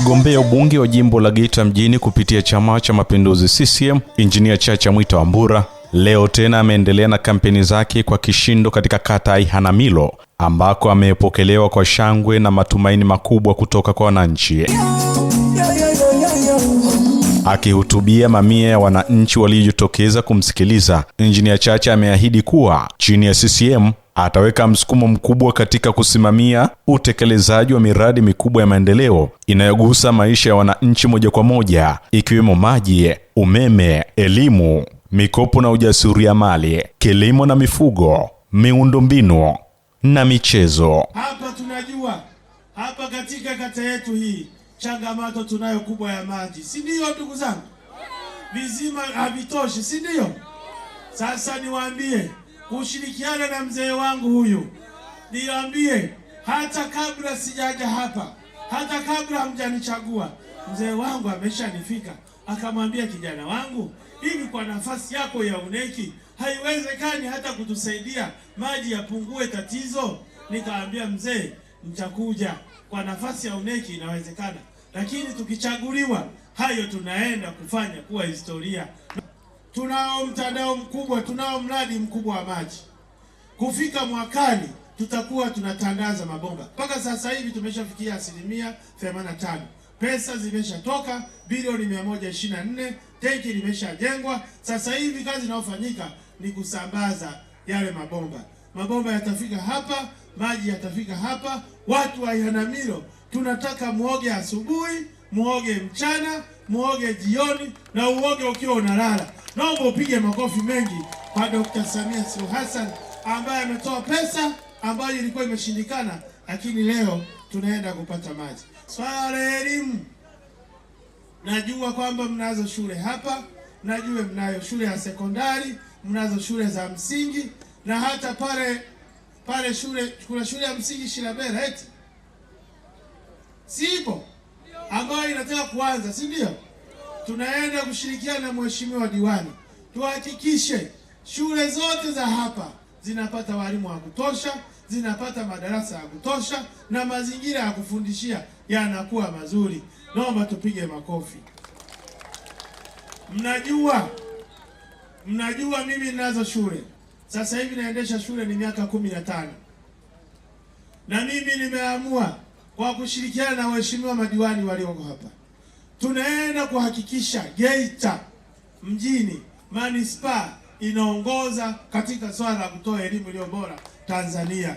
Mgombea ubunge wa jimbo la Geita mjini kupitia Chama cha Mapinduzi CCM Injinia Chacha Mwita Wambura leo tena ameendelea na kampeni zake kwa kishindo katika kata ya Ihanamilo ambako amepokelewa kwa shangwe na matumaini makubwa kutoka kwa wananchi. Akihutubia mamia ya wananchi waliojitokeza kumsikiliza, Injinia Chacha ameahidi kuwa chini ya CCM ataweka msukumo mkubwa katika kusimamia utekelezaji wa miradi mikubwa ya maendeleo inayogusa maisha ya wananchi moja kwa moja ikiwemo maji umeme elimu mikopo na mali kilimo na mifugo miundombinu na michezo hapa tunajua hapa katika kata yetu hii changamoto tunayo kubwa ya maji si ndiyo ndugu zangu vizima havitoshi si ndiyo sasa niwaambie kushirikiana na mzee wangu huyu, niambie, hata kabla sijaja hapa, hata kabla hamjanichagua, mzee wangu ameshanifika akamwambia, kijana wangu, hivi kwa nafasi yako ya uneki haiwezekani hata kutusaidia maji yapungue tatizo? Nikaambia mzee, mtakuja kwa nafasi ya uneki inawezekana, lakini tukichaguliwa, hayo tunaenda kufanya kuwa historia tunao mtandao mkubwa, tunao mradi mkubwa wa maji. Kufika mwakani tutakuwa tunatandaza mabomba. Mpaka sasa hivi tumeshafikia asilimia 85, pesa zimeshatoka bilioni 124, tenki limeshajengwa. Sasa hivi kazi inayofanyika ni kusambaza yale mabomba. Mabomba yatafika hapa, maji yatafika hapa. Watu wa Ihanamilo tunataka muoge asubuhi, muoge mchana muoge jioni na uoge ukiwa unalala. Naomba upige makofi mengi kwa Dr. Samia Suluhu Hassan ambaye ametoa pesa ambayo ilikuwa imeshindikana, lakini leo tunaenda kupata maji. Swala la elimu, najua kwamba mnazo shule hapa, najue mnayo shule ya sekondari, mnazo shule za msingi na hata pale pale shule kuna shule ya msingi Shilabela eti sipo, ambayo inataka kuanza, si ndio? tunaenda kushirikiana na mheshimiwa diwani tuhakikishe shule zote za hapa zinapata walimu wa kutosha, zinapata madarasa ya kutosha, na mazingira ya kufundishia yanakuwa mazuri. Naomba tupige makofi. Mnajua, mnajua mimi ninazo shule sasa hivi naendesha shule ni miaka kumi na tano na mimi nimeamua kwa kushirikiana na waheshimiwa madiwani walioko hapa tunaenda kuhakikisha Geita mjini manispaa inaongoza katika swala la kutoa elimu iliyo bora Tanzania.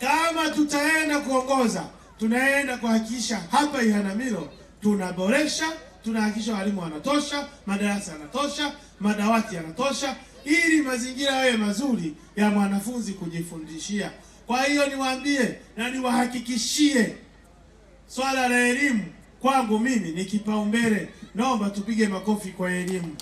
Kama tutaenda kuongoza, tunaenda kuhakikisha hapa Ihanamilo tunaboresha, tunahakikisha walimu wanatosha, madarasa yanatosha, madawati yanatosha, ili mazingira yawe mazuri ya mwanafunzi kujifundishia. Kwa hiyo niwaambie na niwahakikishie swala la elimu kwangu mimi ni kipaumbele. Naomba tupige makofi kwa elimu.